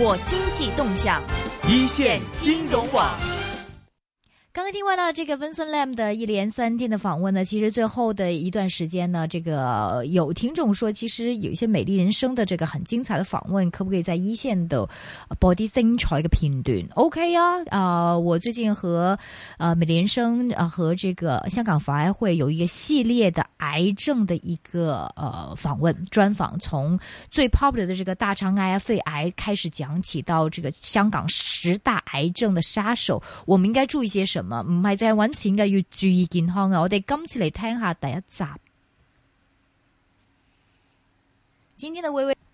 我經濟動向，一線金融網。剛剛聽完了這個 Vincent Lam 的一連三天的訪問呢，其實最後的一段時間呢，這個有聽眾說，其實有一些美麗人生的這個很精彩的訪問，可不可以在一線的 body thing 啲精彩嘅片段？OK 呀、啊，啊、呃，我最近和呃美麗人生呃，和這個香港防癌會有一個系列的癌症的一個呃訪問專訪，從最 popular 的這個大腸癌、肺癌開始講起到這個香港十大癌症的殺手，我們應該注意些什麼？唔係淨係搵錢嘅，要注意健康啊！我哋今次嚟聽下第一集，天天嘅威威。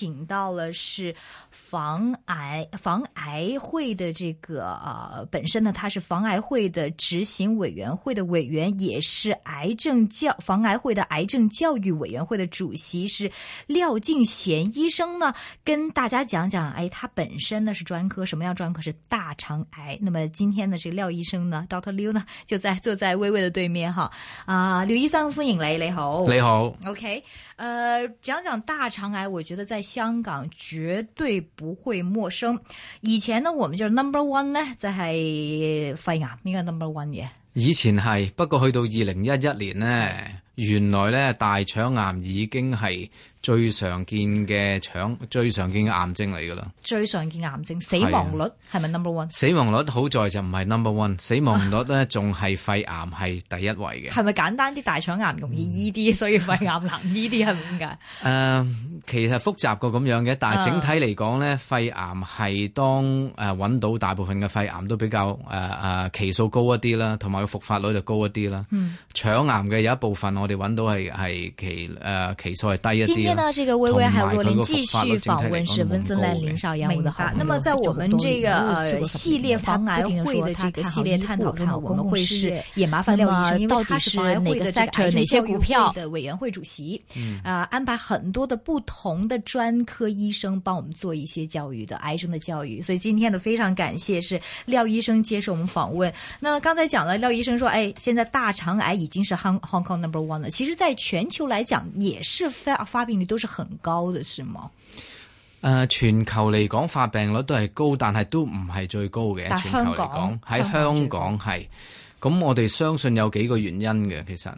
請到了是防癌防癌會的這個，呃本身呢，他是防癌會的執行委員會的委員，也是癌症教防癌會的癌症教育委員會的主席，是廖敬賢醫生呢，跟大家講講，哎，他本身呢是專科，什麼樣專科？是大腸癌。那麼今天呢，這個廖醫生呢，Doctor Liu 呢，就在坐在微微的對面，哈，啊、呃，廖醫生歡迎你，你好，你好 okay，OK，呃，講講大腸癌，我覺得在。香港絕對不會陌生，以前呢，我們就 number one 呢，就係、是、肺癌，啊，應該 number one 嘅，yeah？以前係，不過去到二零一一年呢，原來呢，大腸癌已經係。最常見嘅腸最常見嘅癌症嚟噶啦，最常見癌症 死亡率係咪 number one？死亡率好在就唔係 number one，死亡率咧仲係肺癌係第一位嘅。係咪 簡單啲大腸癌容易醫啲，嗯、 所以肺癌難醫啲係點解？誒，uh, 其實複雜過咁樣嘅，但係整體嚟講咧，uh, 肺癌係當誒揾到大部分嘅肺癌都比較誒誒、uh, uh, 期數高一啲啦，同埋個復發率就高一啲啦。腸、嗯、癌嘅有一部分我哋揾到係係期誒期數係低一啲。嗯呢個薇薇還有若琳繼續訪問是，是溫森蘭林少陽。我的話。嗯、那麼在我們這個、嗯、呃這系列防癌會的這個系列探討看，我們會是也麻煩廖醫生，麼因為他是哪個這個癌症教育委員會的委員會主席，嗯、啊安排很多的不同的專科醫生幫我們做一些教育的癌症的教育。所以今天呢非常感謝是廖醫生接受我們訪問。那剛才講了，廖醫生說，哎，現在大腸癌已經是 Hong Hong Kong number one 了，其實在全球來講也是發發病。你都是很高的，是嗎？誒、呃，全球嚟講發病率都係高，但係都唔係最高嘅。全球嚟講喺香港係，咁、嗯、我哋相信有幾個原因嘅。其實誒、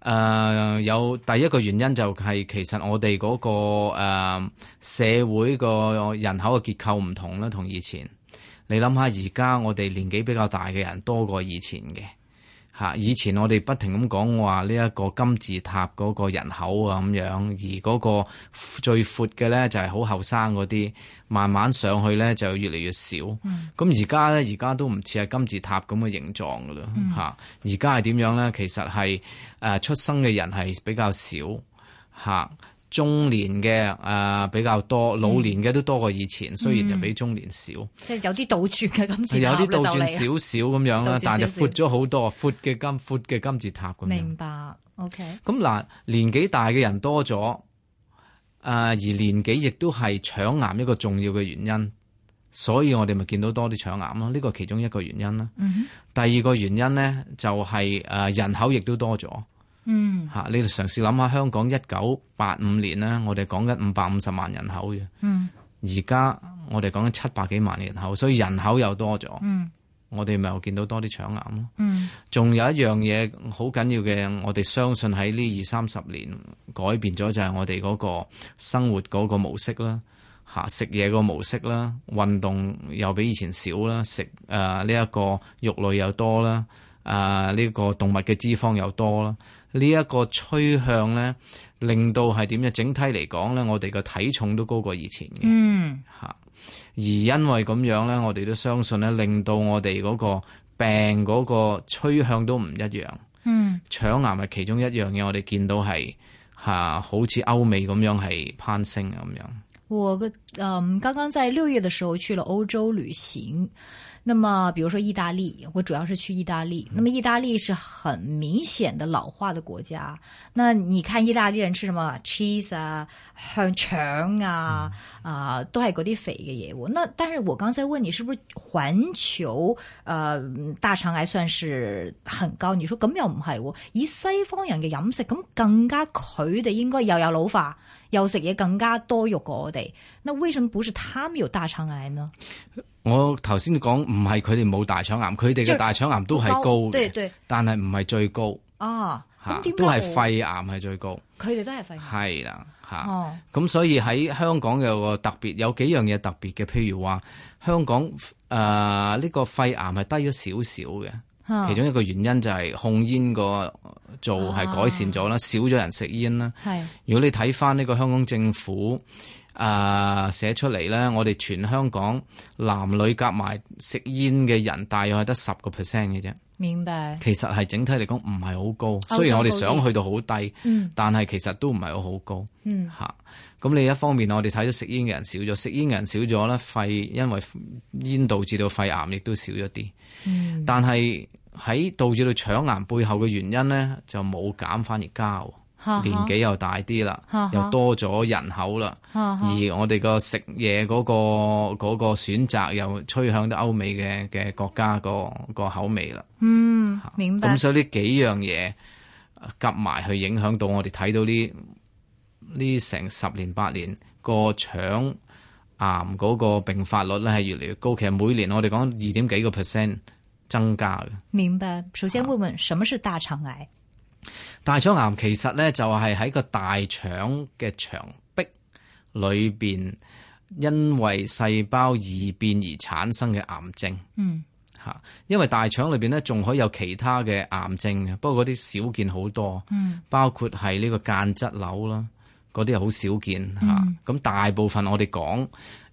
呃，有第一個原因就係、是、其實我哋嗰、那個誒、呃、社會個人口嘅結構唔同啦，同以前。你諗下而家我哋年紀比較大嘅人多過以前嘅。啊！以前我哋不停咁講，話呢一個金字塔嗰個人口啊，咁樣，而嗰個最闊嘅咧就係好後生嗰啲，慢慢上去咧就越嚟越少。咁而家咧，而家都唔似係金字塔咁嘅形狀㗎喇吓。而家係點樣咧？其實係誒出生嘅人係比較少吓。中年嘅誒、呃、比較多，老年嘅都多過以前，雖然、嗯、就比中年少，嗯、即係有啲倒轉嘅金字塔 有啲倒轉少少咁樣啦， 少少但係就闊咗好多，闊嘅金闊嘅金字塔咁樣。明白，OK。咁嗱，年紀大嘅人多咗，誒、呃、而年紀亦都係腸癌一個重要嘅原因，所以我哋咪見到多啲腸癌咯，呢個其中一個原因啦。嗯、哼第二個原因咧就係、是、誒人口亦都多咗。嗯，吓你哋嘗試諗下香港一九八五年咧，我哋講緊五百五十萬人口嘅，嗯，而家我哋講緊七百幾萬人口，所以人口又多咗。嗯，我哋咪又見到多啲腸癌咯。嗯，仲有一樣嘢好緊要嘅，我哋相信喺呢二三十年改變咗就係我哋嗰個生活嗰個模式啦，吓食嘢個模式啦，運動又比以前少啦，食誒呢一個肉類又多啦，啊、呃、呢個動物嘅脂肪又多啦。呢一個趨向咧，令到係點嘅？整體嚟講咧，我哋個體重都高過以前嘅，嚇、嗯。而因為咁樣咧，我哋都相信咧，令到我哋嗰個病嗰個趨向都唔一樣。嗯，腸癌係其中一樣嘢，我哋見到係嚇，好似歐美咁樣係攀升咁樣。我嘅嗯，剛剛在六月嘅時候去了歐洲旅行。.那麼，比如說意大利，我主要是去意大利。嗯、那麼，意大利是很明顯的老化的國家。那你看，意大利人吃什麼？cheese 啊，香腸啊、嗯，啊，都係嗰啲肥嘅嘢。我那，但是我剛才問你，是不是環球呃大腸癌算是很高？你說咁又唔係？以西方人嘅飲食，咁更加佢哋應該又有，有老化，又食嘢更加多肉過我哋，那為什麼不是他們有大腸癌呢？我頭先講唔係佢哋冇大腸癌，佢哋嘅大腸癌都係高，高，對對，但係唔係最高。啊，都係肺癌係最高。佢哋都係肺癌。係啦，嚇。咁、啊、所以喺香港有個特別，有幾樣嘢特別嘅，譬如話香港誒呢、呃呢個肺癌係低咗少少嘅。啊、其中一個原因就係控煙個做係改善咗啦，啊、少咗人食煙啦。係的，如果你睇翻呢個香港政府。啊，uh, 寫出嚟咧，我哋全香港男女夾埋食煙嘅人大約，大概得十個 percent 嘅啫。明白。其實係整體嚟講唔係好高，高雖然我哋想去到好低，嗯、但係其實都唔係好好高。嗯。嚇，咁另一方面我哋睇到食煙嘅人少咗，食煙嘅人少咗咧，肺因為煙導致到肺癌亦都少咗啲。嗯、但係喺導致到腸癌背後嘅原因咧，就冇減反而加。年紀又大啲啦， 又多咗人口啦， 而我哋、那個食嘢嗰、那個嗰、那個選擇又吹向到歐美嘅嘅、那個、國家個、那個口味啦。嗯，明白。咁所以呢幾樣嘢夾埋去影響到我哋睇到呢呢成十年八年個腸癌嗰個病發率咧係越嚟越高，其實每年我哋講二點幾個 percent 增加嘅。明白。首先問問、啊、什麼是大腸癌？大腸癌其實咧就係、是、喺個大腸嘅腸壁裏邊，因為細胞異變而產生嘅癌症。嗯，吓，因為大腸裏邊咧仲可以有其他嘅癌症嘅，不過嗰啲少見好多。嗯，包括係呢個間質瘤啦，嗰啲好少見吓。咁大部分我哋講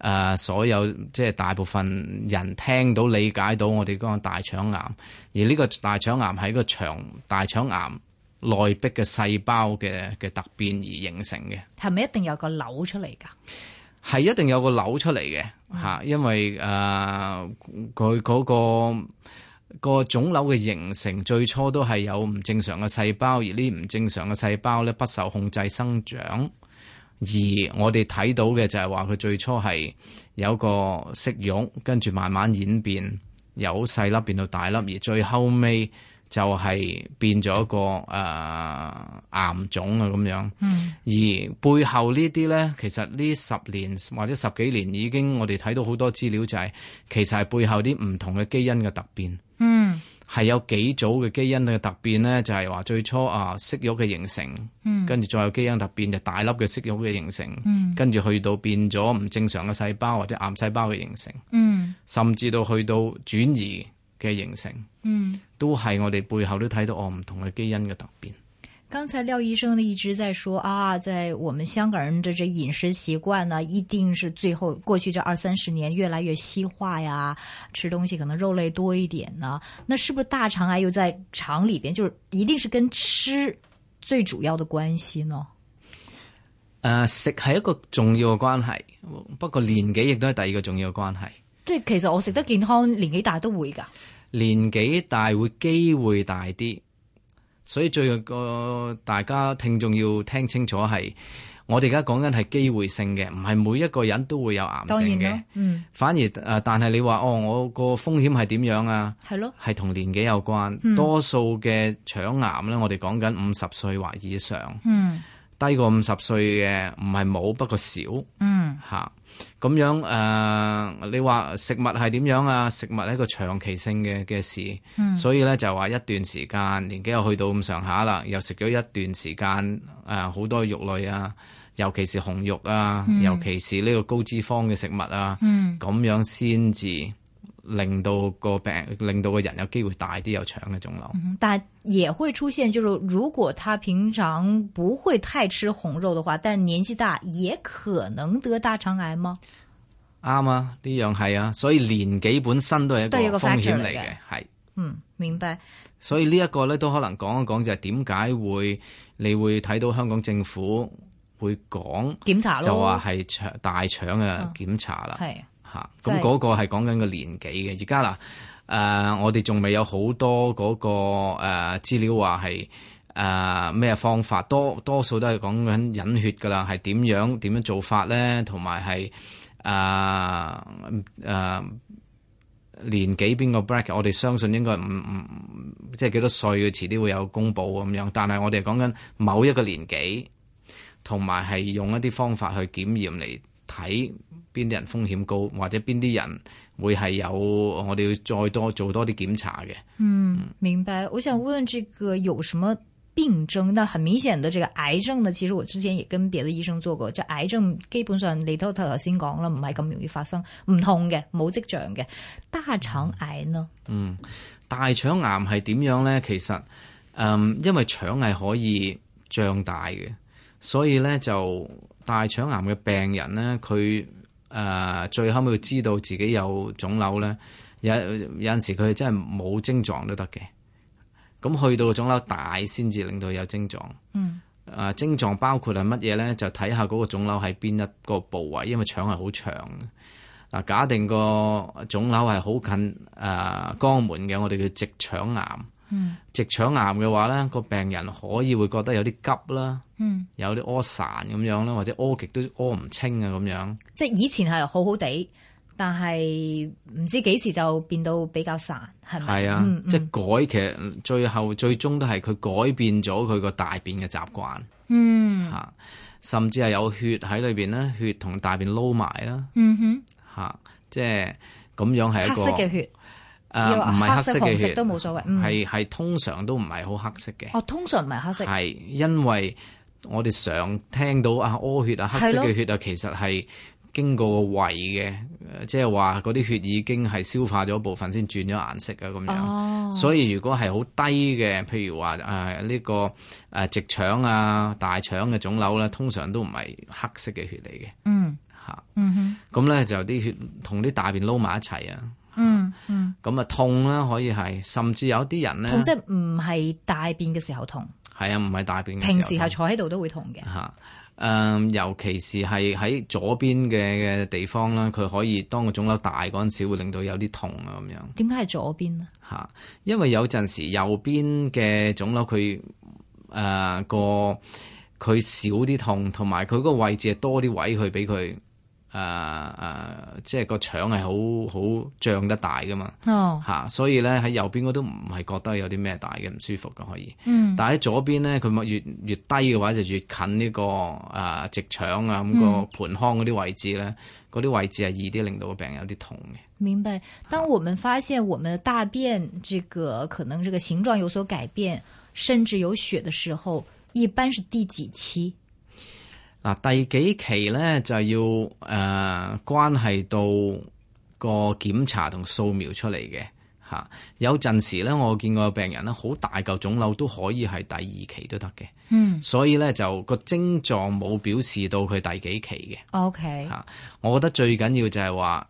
誒，所有即係、就是、大部分人聽到理解到我哋講大腸癌，而呢個大腸癌喺個腸大腸癌。內壁嘅細胞嘅嘅突變而形成嘅，係咪一定有個瘤出嚟噶？係一定有個瘤出嚟嘅吓，嗯、因為誒佢嗰個、嗰個腫瘤嘅形成最初都係有唔正常嘅細胞，而呢唔正常嘅細胞咧不受控制生長，而我哋睇到嘅就係話佢最初係有個息肉，跟住慢慢演變，由細粒變到大粒，而最後尾。就係變咗個誒、呃、癌種啊咁樣，嗯、而背後呢啲咧，其實呢十年或者十幾年已經我哋睇到好多資料、就係，就係其實係背後啲唔同嘅基因嘅突變，係、嗯、有幾組嘅基因嘅突變咧，就係、係、話最初啊息肉嘅形成，嗯、跟住再有基因突變就係、大粒嘅息肉嘅形成，嗯、跟住去到變咗唔正常嘅細胞或者癌細胞嘅形成，嗯、甚至到去到轉移。嘅形成，嗯，都係我哋背後都睇到我唔同嘅基因嘅突變。剛才廖醫生呢一直在說啊，在我們香港人嘅這飲食習慣呢，一定是最後過去這二三十年越來越西化呀，吃東西可能肉類多一點呢。那是不是大腸癌又在腸裏邊，就是一定是跟吃最主要的關係呢？誒、呃，食係一個重要嘅關係，不過年紀亦都係第二個重要嘅關係。即係其實我食得健康，年紀大都會㗎。年紀大會機會大啲，所以最後個、呃、大家聽眾要聽清楚係，我哋而家講緊係機會性嘅，唔係每一個人都會有癌症嘅。嗯，反而誒、呃，但係你話哦，我個風險係點樣啊？係是咯，係同年紀有關。嗯、多數嘅腸癌咧，我哋講緊五十歲或以上。嗯，低過五十歲嘅唔係冇，不過少。嗯，嚇。咁樣誒、呃，你話食物係點樣啊？食物係一個長期性嘅嘅事，嗯、所以咧就話一段時間，年紀又去到咁上下啦，又食咗一段時間誒，好、呃、多肉類啊，尤其是紅肉啊，嗯、尤其是呢個高脂肪嘅食物啊，咁、嗯、樣先至。令到個病，令到個人有機會大啲有腸嘅腫瘤。嗯、但係也會出現，就是如果他平常不會太吃紅肉的話，但係年紀大也可能得大腸癌嗎？啱啊，呢樣係啊，所以年紀本身都係一個風險嚟嘅，係。嗯，明白。所以呢一個咧都可能講一講就係點解會，你會睇到香港政府會講檢查咯，就話係腸大腸嘅檢查啦。係、嗯。吓，咁嗰個係講緊個年紀嘅。而家嗱，誒、呃，我哋仲未有好多嗰、那個誒資、呃、料話係誒咩方法，多多數都係講緊引血噶啦，係點樣點樣做法咧，同埋係誒誒年紀邊個 bracket，我哋相信應該唔唔即係幾多歲，遲啲會有公布咁樣。但係我哋講緊某一個年紀，同埋係用一啲方法去檢驗嚟。睇邊啲人風險高，或者邊啲人會係有我哋要再多做多啲檢查嘅。嗯，明白。我想問這個有什麼病徵？但很明顯的，這個癌症呢，其實我之前也跟別的醫生做過。就癌症基本上你都頭先講啦，唔係咁容易發生，唔痛嘅，冇跡象嘅，大腸癌咯。嗯，大腸癌係點樣呢？其實，嗯、因為腸係可以脹大嘅，所以呢就。大腸癌嘅病人咧，佢誒、呃、最後尾要知道自己有腫瘤咧，有有陣時佢真係冇症狀都得嘅。咁去到，腫到、嗯啊、個腫瘤大先至令到有症狀。嗯，誒症狀包括係乜嘢咧？就睇下嗰個腫瘤喺邊一個部位，因為腸係好長。嗱，假定個腫瘤係好近誒肛、呃、門嘅，我哋叫直腸癌。嗯，直腸癌嘅話咧，個病人可以會覺得有啲急啦，嗯，有啲屙散咁樣啦，或者屙極都屙唔清啊咁樣。即係以前係好好地，但係唔知幾時就變到比較散，係咪？係啊的，嗯嗯即係改，其實最後最終都係佢改變咗佢個大便嘅習慣，嗯吓，甚至係有血喺裏邊咧，血同大便撈埋啦，嗯哼，吓、啊，即係咁樣係一個黑色嘅血。唔係、啊、黑色嘅色血色都冇所謂，係、嗯、係通常都唔係好黑色嘅。哦，通常唔係黑色。係因為我哋常聽到啊，屙血啊，黑色嘅血啊，其實係經過胃嘅、呃，即係話嗰啲血已經係消化咗部分，先轉咗顏色啊，咁樣。哦。所以如果係好低嘅，譬如話啊呢、呢個誒、啊、直腸啊大腸嘅腫瘤咧，通常都唔係黑色嘅血嚟嘅、嗯。嗯。吓、嗯。嗯哼。咁咧、啊啊、就啲血同啲大便撈埋一齊啊。啊嗯。嗯，咁啊痛啦，可以係，甚至有啲人咧痛，即係唔係大便嘅時候痛，係啊，唔係大便。平時係坐喺度都會痛嘅。吓，誒，尤其是係喺左邊嘅嘅地方啦，佢可以當個腫瘤大嗰陣時，會令到有啲痛啊咁樣。點解係左邊咧？吓，因為有陣時右邊嘅腫瘤，佢誒個佢少啲痛，同埋佢個位置係多啲位去俾佢。誒誒、呃呃，即係個腸係好好脹得大噶嘛，吓、哦啊，所以咧喺右邊我都唔係覺得有啲咩大嘅唔舒服噶可以，嗯、但係喺左邊咧，佢越越低嘅話就越近呢、這個誒、呃、直腸啊咁個、嗯、盆腔嗰啲位置咧，嗰啲位置係易啲令到個病人有啲痛嘅。明白。當我們發現我們大便這個可能這個形狀有所改變，甚至有血嘅時候，一般是第幾期？嗱，第幾期咧就要誒、呃，關係到個檢查同掃描出嚟嘅嚇。有陣時咧，我見過病人咧，好大嚿腫瘤都可以係第二期都得嘅。嗯，所以咧就個症狀冇表示到佢第幾期嘅。O K 嚇，我覺得最緊要就係話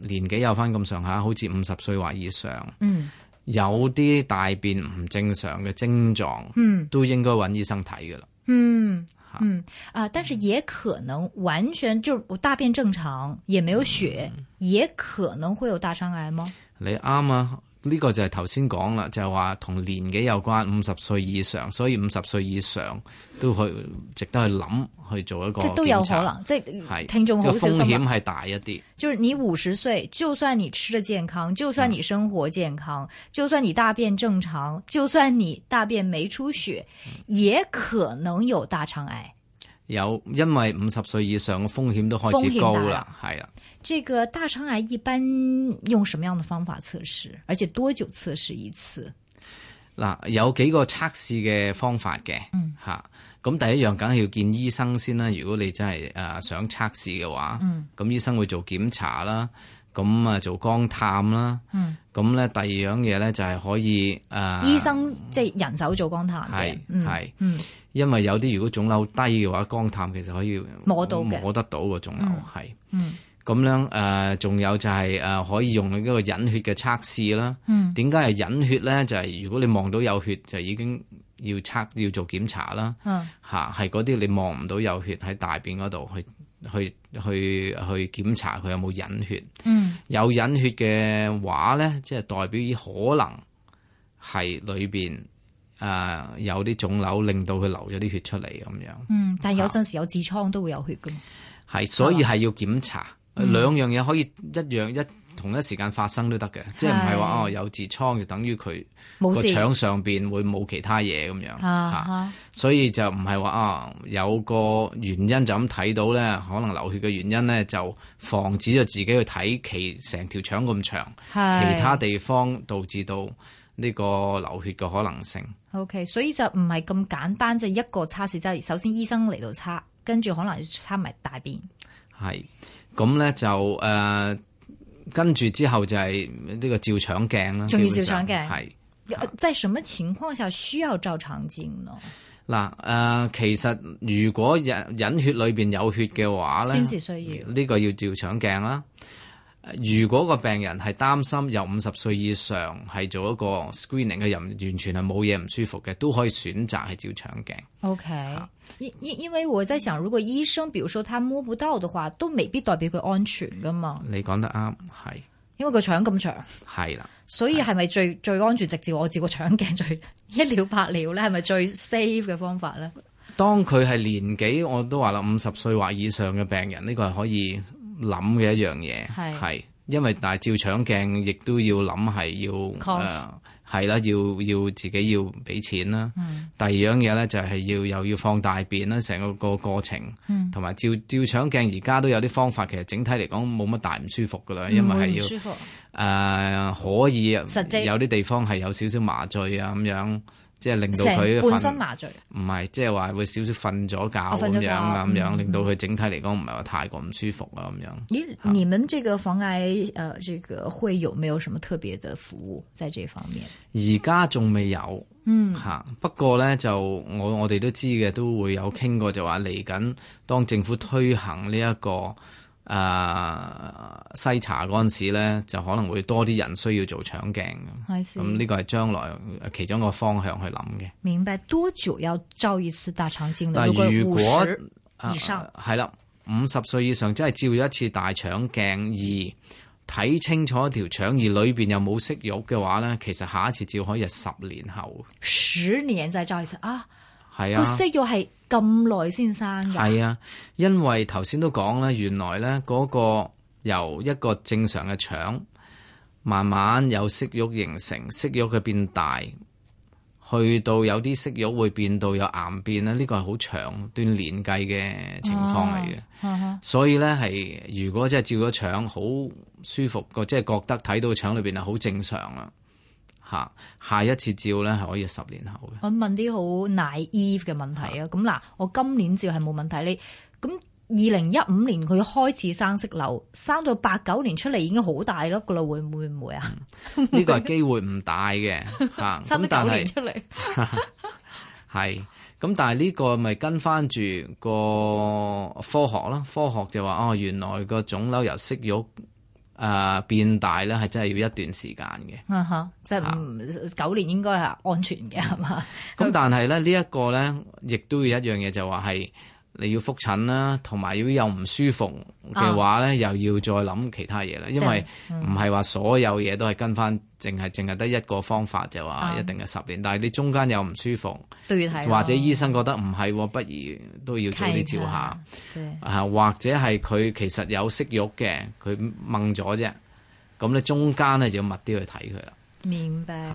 年紀有返咁上下，好似五十歲或以上，嗯，有啲大便唔正常嘅症狀，嗯，都應該揾醫生睇噶啦，嗯。嗯啊，但是也可能完全就是我大便正常，也沒有血，也可能會有大腸癌嗎？你啱嗎？ 呢個就係頭先講啦，就係話同年紀有關，五十歲以上，所以五十歲以上都去值得去諗去做一個檢查啦。即都有可能，即聽眾好小心啊！即、這個、風險係大一啲。就是你五十歲，就算你吃得健康，就算你生活健康，嗯、就算你大便正常，就算你大便沒出血，嗯、也可能有大腸癌。有，因為五十歲以上嘅風險都開始高啦，係啊。這個大腸癌一般用什麼樣的方法測試？而且多久測試一次？嗱，有幾個測試嘅方法嘅，嗯吓，咁、啊、第一樣梗係要見醫生先啦。如果你真係誒、呃、想測試嘅話，嗯，咁醫生會做檢查啦。咁啊，做肛探啦。咁咧、嗯，第二樣嘢咧就係可以誒，呃、醫生即係、就是、人手做肛探嘅，係，嗯、因為有啲如果腫瘤低嘅話，肛探其實可以摸到摸得到個腫瘤，係。咁、嗯嗯、樣誒，仲、呃、有就係、是、誒、呃，可以用個、嗯、呢個隱血嘅測試啦。點解係隱血咧？就係、是、如果你望到有血，就已經要測要做檢查啦。吓、嗯，係嗰啲你望唔到有血喺大便嗰度去。去去去檢查佢有冇隱血，嗯、有隱血嘅話咧，即係代表可能係裏邊誒有啲腫瘤，令到佢流咗啲血出嚟咁樣。嗯，但係有陣時有痔瘡都會有血嘅，係所以係要檢查、哦、兩樣嘢可以、嗯、一樣一。同一時間發生都得嘅，即係唔係話哦，有痔瘡就等於佢個腸上邊會冇其他嘢咁事樣嚇。啊、所以就唔係話啊有個原因就咁睇到咧，可能流血嘅原因咧就防止咗自己去睇其成條腸咁長，的其他地方導致到呢個流血嘅可能性。O、okay, K，所以就唔係咁簡單，即係一個測試啫。就是、首先醫生嚟到測，跟住可能要測埋大便。係咁咧就誒。呃跟住之後就係呢個照腸鏡啦，仲要照腸鏡係。是啊、在什麼情況下需要照腸鏡呢？嗱，誒、呃，其實如果隱隱血裏邊有血嘅話咧，先至需要呢、嗯這個要照腸鏡啦。如果個病人係擔心有五十歲以上係做一個 screening 嘅人，完全係冇嘢唔舒服嘅，都可以選擇係照腸鏡。OK，因因因為我在想，如果醫生，比如說他摸不到嘅話，都未必代表佢安全㗎嘛。你講得啱，係因為個腸咁長，係 啦，所以係咪最是最安全，直接我照個腸鏡最一了百了咧？係咪最 safe 嘅方法咧？當佢係年紀，我都話啦，五十歲或以上嘅病人，呢個係可以。諗嘅一樣嘢係，因為但係照腸鏡亦都要諗係要，係、呃、係啦，要要自己要俾錢啦。嗯、第二樣嘢咧就係、是、要又要放大便，啦，成個個過程，同埋、嗯、照照腸鏡而家都有啲方法，其實整體嚟講冇乜大唔舒服噶啦，因為係要誒、嗯呃、可以有啲地方係有少少麻醉啊咁樣。即係令到佢半身麻醉，唔係即係話會少少瞓咗覺咁，喔，樣咁樣令到佢整體嚟講唔係話太過唔舒服啊，咁樣。咦？你們這個防癌，呃，這個會有沒有什麼特別的服務在這方面？而家仲未有，嗯嚇。不過呢，就我我哋都知嘅，都會有傾過就，就話嚟緊當政府推行呢，這、一個。啊，uh, 篩查嗰陣時咧，就可能會多啲人需要做腸鏡咁。呢 I see. 個係將來其中一個方向去諗嘅。明白多久要照一次大腸鏡咧？如果五十果、呃、以上，係啦、啊，五十歲以上即係照一次大腸鏡，二睇清楚一條腸而裏邊有冇息肉嘅話咧，其實下一次照可以係十年後。十年再照一次啊？係 啊，個息肉係。咁耐先生噶？係啊，因為頭先都講啦，原來咧嗰、嗰個由一個正常嘅腸，慢慢由息肉形成，息肉嘅變大，去到有啲息肉會變到有癌變咧，呢、呢個係好長段年計嘅情況嚟嘅，啊啊、所以咧係如果即係照咗腸好舒服個，即係覺得睇到腸裏邊係好正常啦。下下一次照咧，係可以十年後嘅。我問啲好 naive 嘅問題啊！咁嗱的，我今年照係冇問題。你咁二零一五年佢開始生息瘤，生到八九年出嚟已經好大粒噶啦，會唔會唔會啊？呢、嗯呢個係機會唔大嘅。 但 生到九年出嚟，係 咁， 但係呢個咪跟翻住個科學啦。科學就話哦，原來個腫瘤由息肉。誒、呃、變大咧，係真係要一段時間嘅。啊嚇，即係係、啊、九年應該係安全嘅係嘛？咁、嗯、 但係咧，呢一個咧，亦都有一樣嘢，就話係。你要覆診啦，同埋如果又唔舒服嘅話咧，啊、又要再諗其他嘢啦。因為唔係話所有嘢都係跟翻，淨係淨係得一個方法就話一定係十年。嗯、但係你中間有唔舒服，都要睇。或者醫生覺得唔係、啊，不如都要做啲照下。套套啊，或者係佢其實有息肉嘅，佢掹咗啫。咁你中間咧就要密啲去睇佢啦。明白。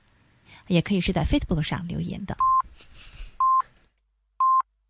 也可以是在 Facebook 上留言的。